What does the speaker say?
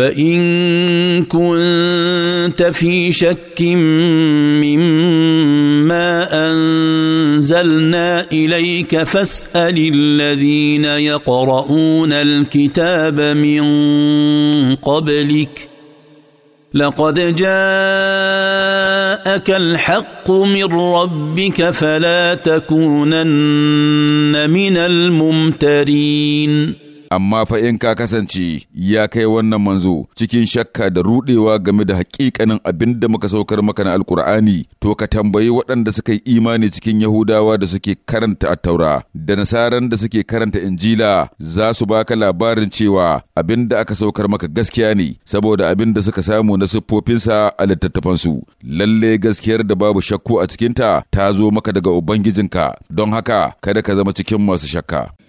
فان كنت في شك مما انزلنا اليك فاسال الذين يقرؤون الكتاب من قبلك لقد جاءك الحق من ربك فلا تكونن من الممترين amma fa in ka kasance ya kai wannan manzo cikin shakka da rudewa game da hakikanin abin da muka saukar maka na alkur'ani to ka tambayi waɗanda suka yi imani cikin yahudawa da suke karanta attaura da nasaran da suke karanta injila za su baka labarin cewa abin da aka saukar maka gaskiya ne saboda abin da suka samu na siffofinsa a littattafansu lalle gaskiyar da babu shakku a cikinta ta zo maka daga ubangijinka don haka kada ka zama cikin masu shakka